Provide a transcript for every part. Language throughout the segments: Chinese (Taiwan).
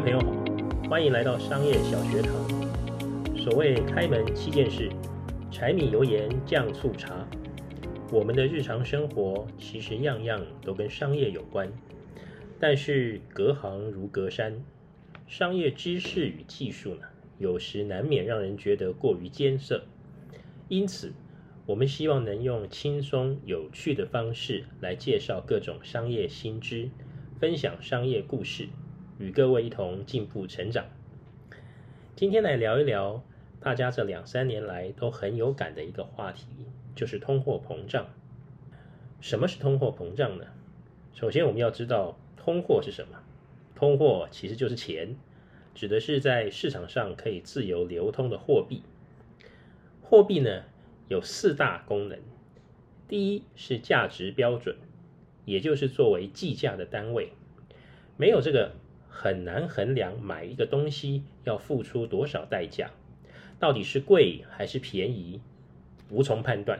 各位朋友好，歡迎來到商業小學堂。所謂開門七件事，柴米油鹽醬醋茶。我們的日常生活其實樣樣都跟商業有關，但是隔行如隔山，商業知識與技術呢，有時難免讓人覺得過於艱澀。因此，我們希望能用輕鬆有趣的方式來介紹各種商業新知，分享商業故事。與各位一同進步成長。今天來聊一聊大家這兩三年來都很有感的一個話題，就是通貨膨脹。什麼是通貨膨脹呢？首先我們要知道，通貨是什麼？通貨其實就是錢，指的是在市場上可以自由流通的貨幣。貨幣呢，有四大功能。第一是價值標準，也就是作為計價的單位。沒有這個。很難衡量買一個東西要付出多少代價，到底是貴還是便宜，無從判斷。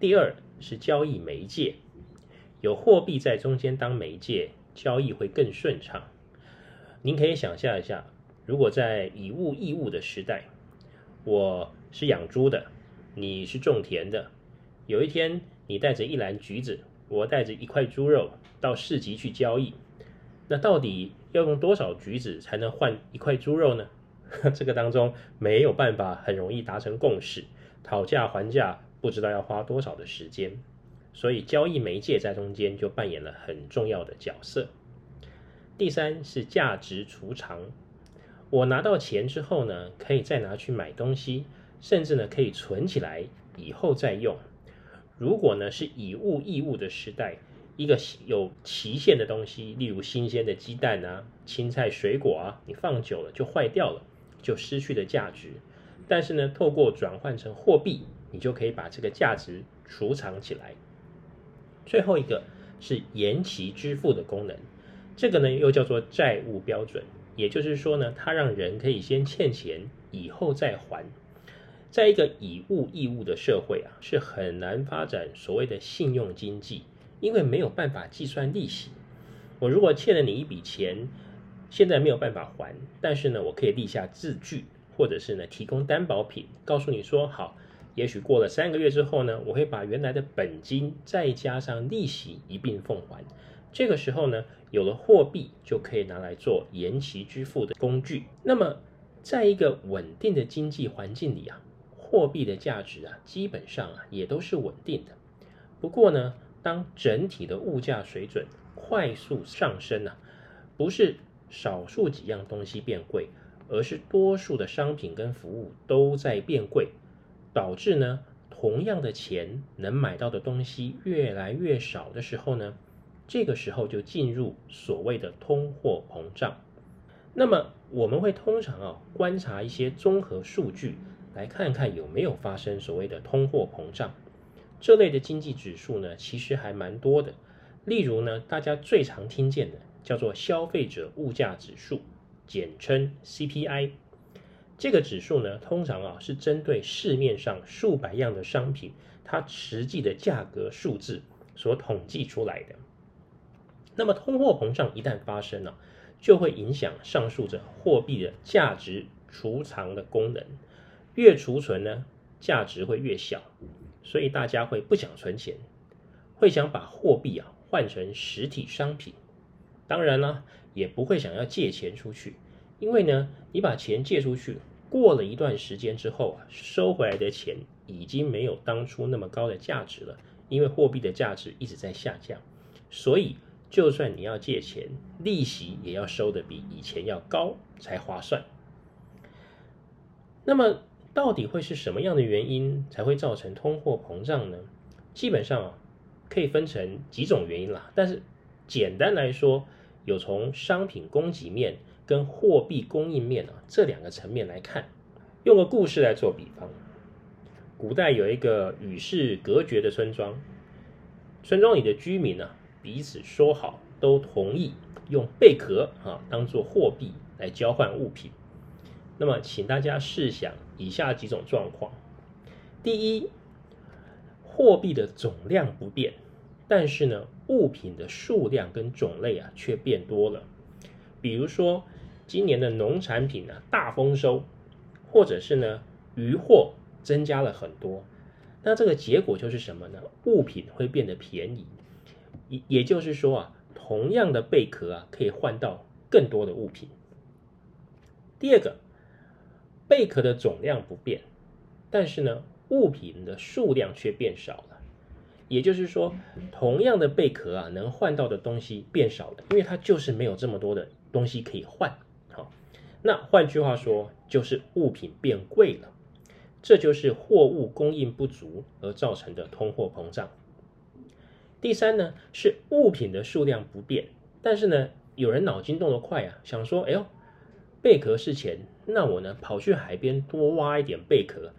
第二是交易媒介，有貨幣在中間當媒介，交易會更順暢。您可以想象一下，如果在以物易物的時代，我是養豬的，你是種田的，有一天你帶着一籃橘子，我帶着一塊豬肉到市集去交易。那到底要用多少橘子才能換一塊豬肉呢？ 這個當中沒有辦法很容易達成共識，討價還價不知道要花多少的時間，所以交易媒介在中間就扮演了很重要的角色。第三是價值儲藏，我拿到錢之後呢，可以再拿去買東西，甚至呢可以存起來以後再用。如果呢是以物易物的時代。一個有期限的東西，例如新鮮的雞蛋啊、青菜、水果啊，你放久了就壞掉了，就失去了價值。但是呢，透過轉換成貨幣，你就可以把這個價值儲藏起來。最後一個是延期支付的功能，這個呢又叫做債務標準，也就是說呢，它讓人可以先欠錢，以後再還。在一個以物易物的社會啊，是很難發展所謂的信用經濟因為沒有辦法計算利息，我如果欠了你一筆錢，現在沒有辦法還，但是呢，我可以立下字據，或者是呢提供擔保品，告訴你說好，也許過了三個月之後呢，我會把原來的本金再加上利息一併奉還。這個時候呢，有了貨幣就可以拿來做延期支付的工具。那麼，在一個穩定的經濟環境裡啊，貨幣的價值啊，基本上啊也都是穩定的。不過呢，當整體的物價水準快速上升呢、啊，不是少數幾樣東西變貴，而是多數的商品跟服務都在變貴，導致呢同樣的錢能買到的東西越來越少的時候呢，這個時候就進入所謂的通貨膨脹。那麼我們會通常啊觀察一些綜合數據，來看看有沒有發生所謂的通貨膨脹。這類的經濟指數呢，其實還蠻多的。例如呢，大家最常聽見的叫做消費者物價指數，簡稱 CPI。這個指數呢，通常啊是針對市面上數百樣的商品，它實際的價格數字所統計出來的。那麼通貨膨脹一旦發生了啊，就會影響上述者貨幣的價值儲藏的功能。越儲存呢，價值會越小。所以大家會不想存錢，會想把貨幣啊換成實體商品。當然了，也不會想要借錢出去，因為呢，你把錢借出去，過了一段時間之後啊，收回來的錢已經沒有當初那麼高的價值了，因為貨幣的價值一直在下降。所以，就算你要借錢，利息也要收得比以前要高才划算。那麼，到底會是什麼樣的原因才會造成通貨膨脹呢？基本上啊，可以分成幾種原因啦。但是簡單來說，有從商品供給面跟貨幣供應面啊這兩個層面來看。用個故事來做比方，古代有一個與世隔絕的村莊，村莊裡的居民呢啊，彼此說好，都同意用貝殼啊當做貨幣來交換物品。那麼，請大家試想以下幾種狀況：第一，貨幣的總量不變，但是呢，物品的數量跟種類啊卻變多了。比如說，今年的農產品呢、啊、大豐收，或者是呢漁獲增加了很多。那這個結果就是什麼呢？物品會變得便宜，也也就是說啊，同樣的貝殼啊，可以換到更多的物品。第二個。貝殼的總量不變，但是呢，物品的數量卻變少了。也就是說，同樣的貝殼啊，能換到的東西變少了，因為它就是沒有這麼多的東西可以換。好，那換句話說，就是物品變貴了。這就是貨物供應不足而造成的通貨膨脹。第三呢，是物品的數量不變，但是呢，有人腦筋動得快啊，想說，哎呦。貝殼是錢，那我呢，跑去海邊多挖一點貝殼，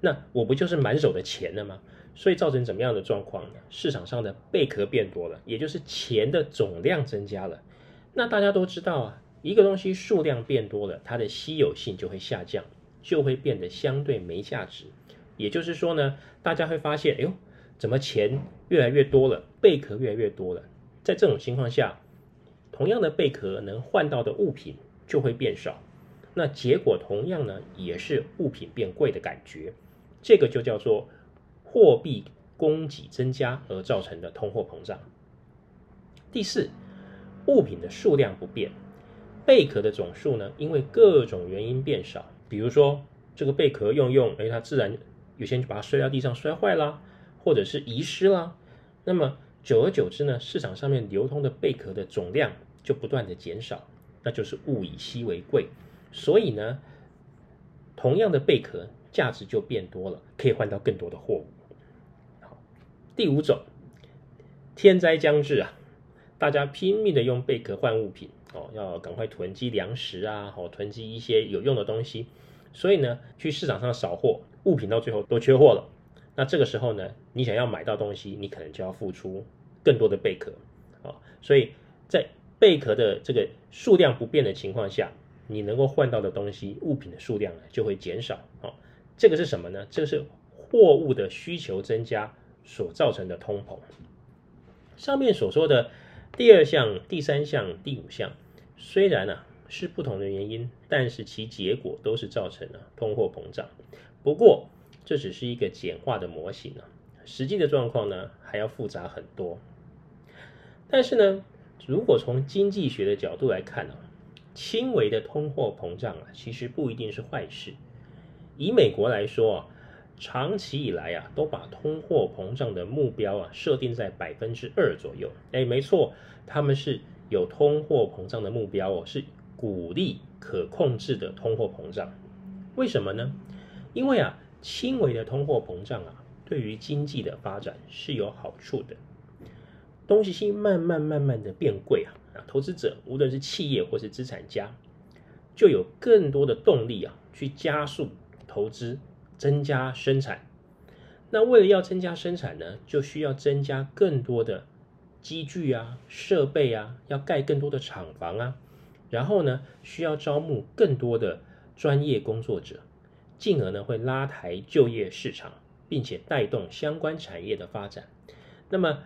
那我不就是滿手的錢了嗎？所以造成怎麼樣的狀況呢？市場上的貝殼變多了，也就是錢的總量增加了。那大家都知道啊，一個東西數量變多了，它的稀有性就會下降，就會變得相對沒價值。也就是說呢，大家會發現，哎呦，怎麼錢越來越多了，貝殼越來越多了。在這種情況下，同樣的貝殼能換到的物品。就會變少，那結果同樣呢，也是物品變貴的感覺，這個就叫做貨幣供給增加而造成的通貨膨脹。第四，物品的數量不變，貝殼的總數呢，因為各種原因變少，比如說這個貝殼用用，哎，它自然有些人就把它摔到地上摔壞啦，或者是遺失啦，那麼久而久之呢，市場上面流通的貝殼的總量就不斷的減少。那就是物以稀為貴，所以呢，同樣的貝殼價值就變多了，可以換到更多的貨物。好，第五種，天災將至啊，大家拼命的用貝殼換物品哦，要趕快囤積糧食啊，好，哦，囤積一些有用的東西。所以呢，去市場上掃貨，物品到最後都缺貨了。那這個時候呢，你想要買到東西，你可能就要付出更多的貝殼啊。所以在貝殼的這個數量不變的情況下，你能夠換到的東西物品的數量就會減少。哦，這個是什麼呢？這個是貨物的需求增加所造成的通膨。上面所說的第二項、第三項、第五項，雖然啊是不同的原因，但是其結果都是造成了、啊、通貨膨脹。不過這只是一個簡化的模型啊，實際的狀況呢還要複雜很多。但是呢。如果從經濟學的角度來看呢啊，輕微的通貨膨脹啊，其實不一定是壞事。以美國來說啊，長期以來啊，都把通貨膨脹的目標啊設定在百分之二左右。哎，沒錯，他們是有通貨膨脹的目標哦，是鼓勵可控制的通貨膨脹。為什麼呢？因為啊，輕微的通貨膨脹啊，對於經濟的發展是有好處的。東西慢慢慢慢的變貴啊，投資者無論是企業或是資產家，就有更多的動力啊，去加速投資，增加生產。那為了要增加生產呢，就需要增加更多的機具啊、設備啊，要蓋更多的廠房啊，然後呢，需要招募更多的專業工作者，進而呢會拉抬就業市場，並且帶動相關產業的發展。那麼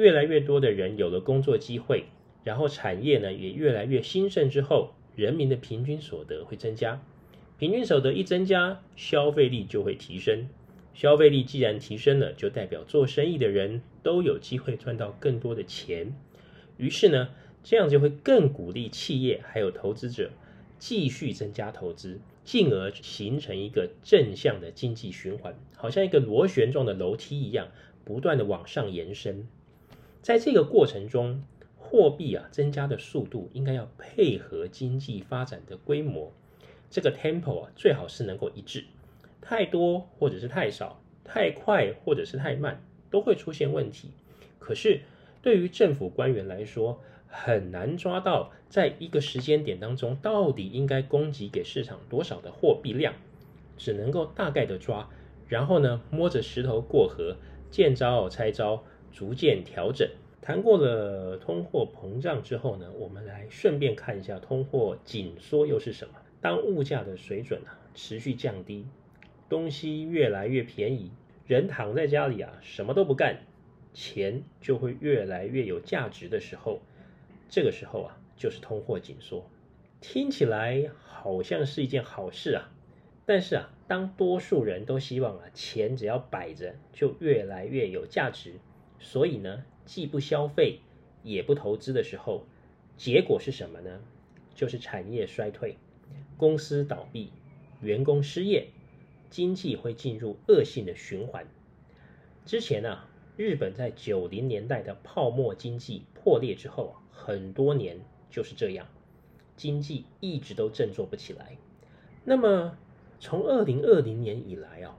越來越多的人有了工作機會，然後產業呢也越來越興盛，之後人民的平均所得會增加，平均所得一增加，消費力就會提升，消費力既然提升了，就代表做生意的人都有機會賺到更多的錢，於是呢，這樣就會更鼓勵企業還有投資者繼續增加投資，進而形成一個正向的經濟循環，好像一個螺旋狀的樓梯一樣，不斷地往上延伸。在這個過程中，貨幣啊增加的速度應該要配合經濟發展的規模，這個 tempo 啊最好是能夠一致，太多或者是太少，太快或者是太慢，都會出現問題。可是對於政府官員來說，很難抓到在一個時間點當中到底應該供給給市場多少的貨幣量，只能夠大概的抓，然後呢摸着石頭過河，見招拆招。逐漸調整。談過了通貨膨脹之後呢，我們來順便看一下通貨緊縮又是什麼。當物價的水準啊持續降低，東西越來越便宜，人躺在家裡啊什麼都不幹，錢就會越來越有價值的時候，這個時候啊就是通貨緊縮。聽起來好像是一件好事啊，但是啊，當多數人都希望啊錢只要擺着就越來越有價值。所以呢，既不消費，也不投資的時候，結果是什麼呢？就是產業衰退，公司倒閉，員工失業，經濟會進入惡性的循環。之前啊，日本在九零年代的泡沫經濟破裂之後啊，很多年就是這樣，經濟一直都振作不起來。那麼從二零二零年以來啊。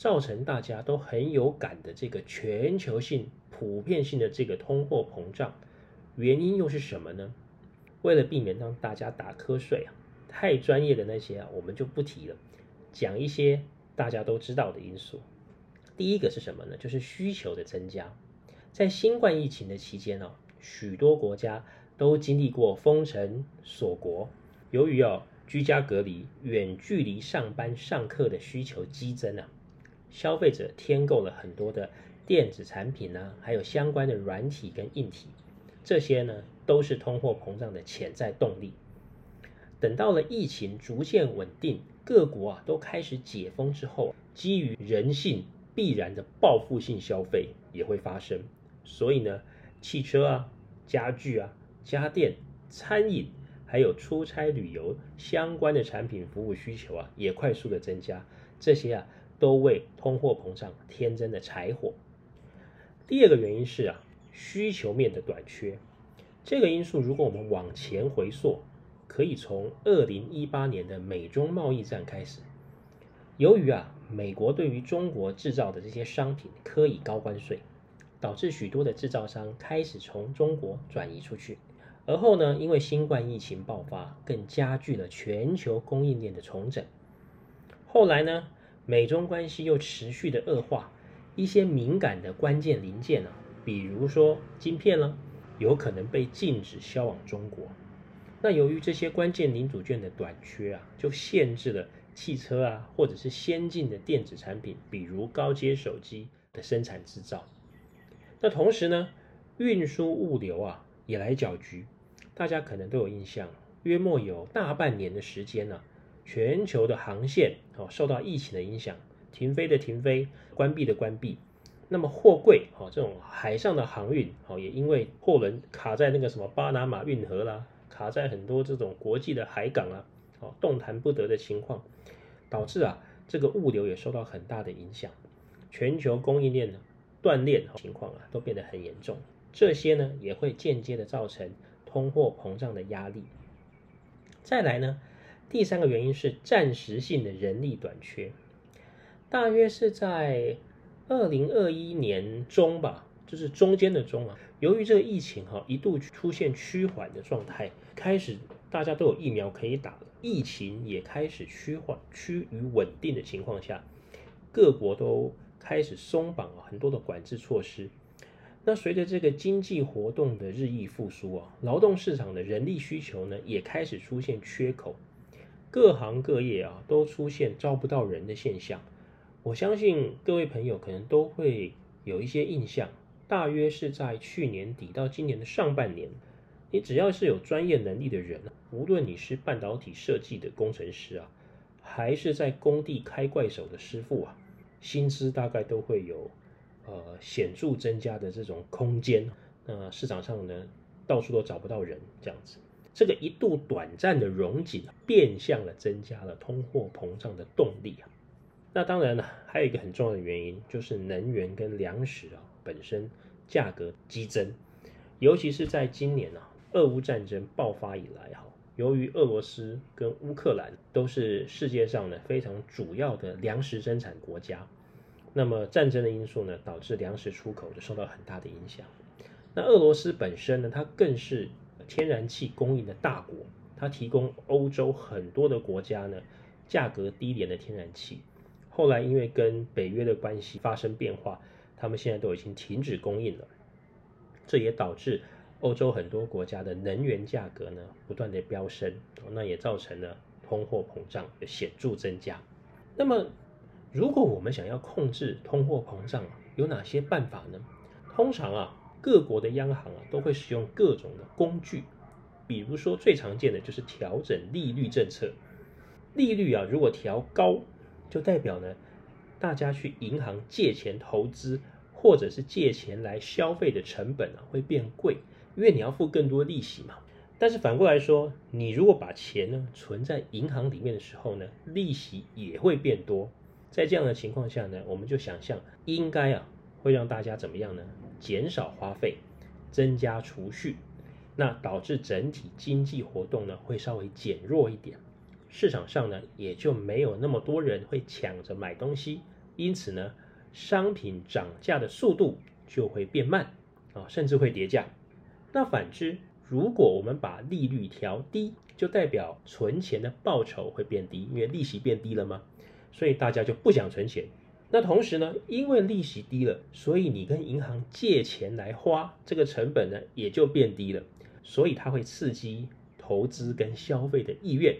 造成大家都很有感的這個全球性、普遍性的這個通貨膨脹，原因又是什麼呢？為了避免讓大家打瞌睡啊，太專業的那些啊，我們就不提了，講一些大家都知道的因素。第一個是什麼呢？就是需求的增加。在新冠疫情的期間哦啊，許多國家都經歷過封城、鎖國，由於要啊居家隔離、遠距離上班、上課的需求激增啊。消費者添購了很多的電子產品呢、啊，還有相關的軟體跟硬體，這些呢，都是通貨膨脹的潛在動力。等到了疫情逐漸穩定，各國啊都開始解封之後、啊，基於人性必然的報復性消費也會發生，所以呢，汽車啊、家具啊、家電、餐飲，還有出差旅遊相關的產品服務需求啊，也快速的增加，這些啊。都為通貨膨脹添增的柴火。第二個原因是啊，需求面的短缺。這個因素如果我們往前回溯，可以從二零一八年的美中貿易戰開始。由於啊，美國對於中國製造的這些商品課以高關稅，導致許多的製造商開始從中國轉移出去。而後呢，因為新冠疫情爆發，更加劇了全球供應鏈的重整。後來呢，美中關係又持續的惡化，一些敏感的關鍵零件啊，比如說晶片了啊，有可能被禁止銷往中國。那由於這些關鍵零組件的短缺啊，就限制了汽車啊，或者是先進的電子產品，比如高階手機的生產製造。那同時呢，運輸物流啊也來攪局。大家可能都有印象，約莫有大半年的時間呢啊，全球的航線哦受到疫情的影響，停飛的停飛，關閉的關閉。那麼貨櫃哦這種海上的航運哦也因為貨輪卡在那個什麼巴拿馬運河啦，卡在很多這種國際的海港啦、啊，哦動彈不得的情況，導致啊這個物流也受到很大的影響，全球供應鏈斷裂情況啊都變得很嚴重。這些呢也會間接的造成通貨膨脹的壓力。再來呢，第三個原因是暫時性的人力短缺，大約是在二零二一年中吧，就是中間的中啊。由於這個疫情哈一度出現趨緩的狀態，開始大家都有疫苗可以打，疫情也開始趨緩、趨於穩定的情況下，各國都開始鬆綁了很多的管制措施。那隨着這個經濟活動的日益復蘇啊，勞動市場的人力需求呢也開始出現缺口。各行各業啊，都出現招不到人的現象。我相信各位朋友可能都會有一些印象，大約是在去年底到今年的上半年，你只要是有專業能力的人，無論你是半導體設計的工程師啊，還是在工地開怪手的師傅啊，薪資大概都會有呃顯著增加的這種空間。那市場上呢，到處都找不到人這樣子。這個一度短暫的溶解，變相的增加了通貨膨脹的動力啊。那當然了，還有一個很重要的原因，就是能源跟糧食啊本身價格激增，尤其是在今年啊，俄烏戰爭爆發以來哈、啊，由於俄羅斯跟烏克蘭都是世界上呢非常主要的糧食生產國家，那麼戰爭的因素呢，導致糧食出口就受到很大的影響。那俄羅斯本身呢，它更是。天然氣供應的大國，它提供歐洲很多的國家呢，價格低廉的天然氣。後來因為跟北約的關係發生變化，他們現在都已經停止供應了。這也導致歐洲很多國家的能源價格呢不斷的飆升，那也造成了通貨膨脹的顯著增加。那麼，如果我們想要控制通貨膨脹，有哪些辦法呢？通常啊，各國的央行啊，都會使用各種的工具，比如說最常見的就是調整利率政策。利率啊，如果調高，就代表呢，大家去銀行借錢投資，或者是借錢來消費的成本啊，會變貴，因為你要付更多利息嘛。但是反過來說，你如果把錢呢存在銀行裡面的時候呢，利息也會變多。在這樣的情況下呢，我們就想象應該啊會讓大家怎麼樣呢？減少花費，增加儲蓄，那導致整體經濟活動呢會稍微減弱一點，市場上呢也就沒有那麼多人會搶着買東西，因此呢商品漲價的速度就會變慢啊，甚至會跌價。那反之，如果我們把利率調低，就代表存錢的報酬會變低，因為利息變低了嘛，所以大家就不想存錢。那同時呢，因為利息低了，所以你跟銀行借錢來花，這個成本呢，也就變低了，所以它會刺激投資跟消費的意願。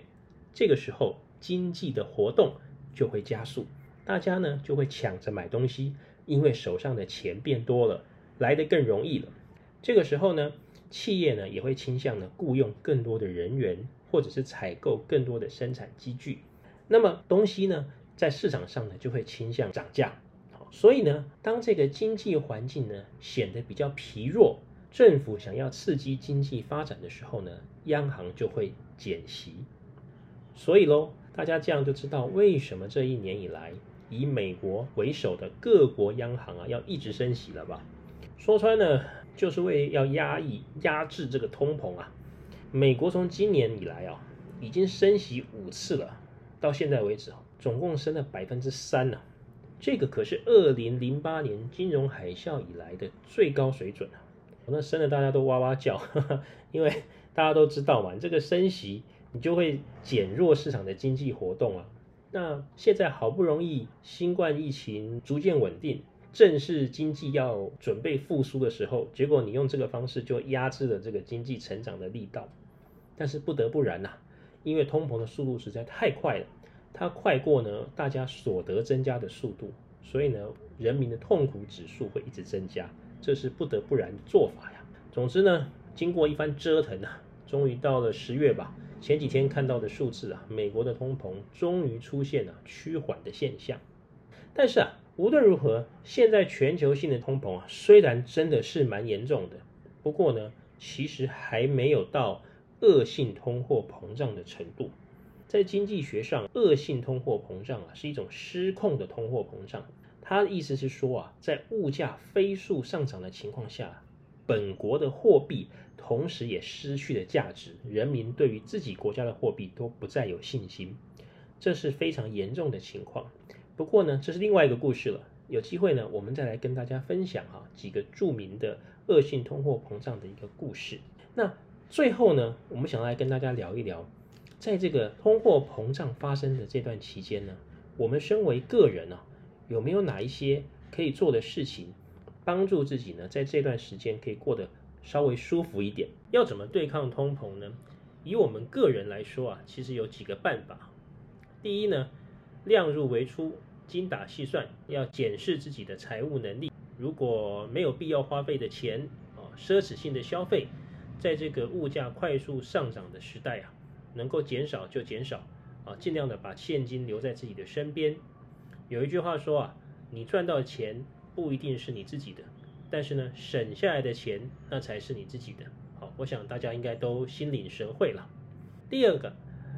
這個時候，經濟的活動就會加速，大家呢就會搶着買東西，因為手上的錢變多了，來得更容易了。這個時候呢，企業呢也會傾向呢僱用更多的人員，或者是採購更多的生產機具。那麼東西呢，在市場上呢，就會傾向漲價。所以呢，當這個經濟環境呢顯得比較疲弱，政府想要刺激經濟發展的時候呢，央行就會減息。所以嘍，大家這樣就知道為什麼這一年以來，以美國為首的各國央行啊要一直升息了吧？說穿了，就是為要壓抑、壓制這個通膨啊。美國從今年以來啊，已經升息五次了。到現在為止總共升了百分之三吶，這個可是二零零八年金融海嘯以來的最高水準啊！我那升了，大家都哇哇叫，呵呵，因為大家都知道嘛，這個升息你就會減弱市場的經濟活動啊。那現在好不容易新冠疫情逐漸穩定，正是經濟要準備復甦的時候，結果你用這個方式就壓制了這個經濟成長的力道，但是不得不然吶、啊。因為通膨的速度實在太快了，它快過呢大家所得增加的速度，所以呢人民的痛苦指數會一直增加，這是不得不然的做法呀。總之呢，經過一番折騰吶，終於到了十月吧。前幾天看到的數字啊，美國的通膨終於出現了趨緩的現象。但是啊，無論如何，現在全球性的通膨啊，雖然真的是蠻嚴重的，不過呢，其實還沒有到。惡性通貨膨脹的程度，在經濟學上，惡性通貨膨脹啊是一種失控的通貨膨脹。它的意思是說啊，在物價飛速上漲的情況下，本國的貨幣同時也失去了價值，人民對於自己國家的貨幣都不再有信心，這是非常嚴重的情況。不過呢，這是另外一個故事了。有機會呢，我們再來跟大家分享哈、啊、幾個著名的惡性通貨膨脹的一個故事。那。最後呢，我們想來跟大家聊一聊，在這個通貨膨脹發生的這段期間呢，我們身為個人呢、啊，有沒有哪一些可以做的事情，幫助自己呢，在這段時間可以過得稍微舒服一點？要怎麼對抗通膨呢？以我們個人來說啊，其實有幾個辦法。第一呢，量入為出，精打細算，要檢視自己的財務能力。如果沒有必要花費的錢啊，奢侈性的消費。在這個物價快速上漲的時代啊，能夠減少就減少啊，盡量的把現金留在自己的身邊。有一句話說啊，你賺到的錢不一定是你自己的，但是呢，省下來的錢那才是你自己的。好，我想大家應該都心領神會了。第二個，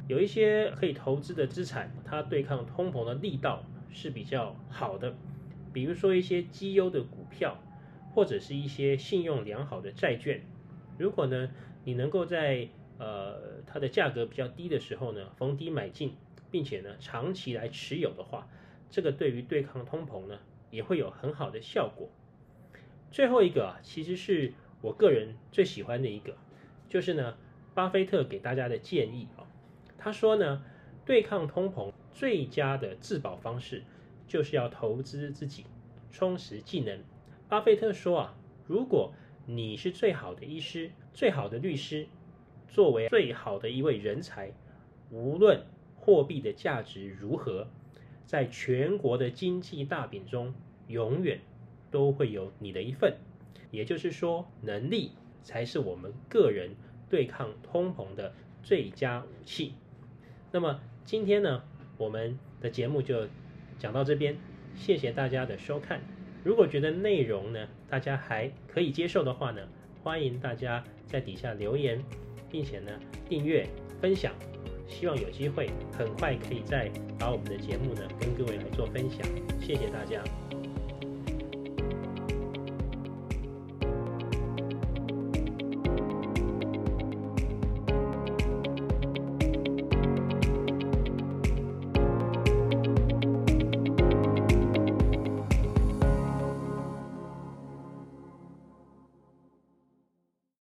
有一些可以投資的資產，它對抗通膨的力道是比較好的，比如說一些績優的股票，或者是一些信用良好的債券。如果呢，你能夠在呃它的價格比較低的時候呢，逢低買進，並且呢長期來持有的話，這個對於對抗通膨呢也會有很好的效果。最後一個啊，其實是我個人最喜歡的一個，就是呢，巴菲特給大家的建議啊、哦，他說呢，對抗通膨最佳的自保方式就是要投資自己，充實技能。巴菲特說啊，如果你是最好的醫師，最好的律師，作為最好的一位人才，無論貨幣的價值如何，在全國的經濟大餅中，永遠都會有你的一份。也就是說，能力才是我們個人對抗通膨的最佳武器。那麼，今天呢，我們的節目就講到這邊，謝謝大家的收看。如果覺得內容呢，大家還可以接受的話呢，歡迎大家在底下留言，並且呢訂閱分享，希望有機會很快可以再把我們的節目呢跟各位來做分享，謝謝大家。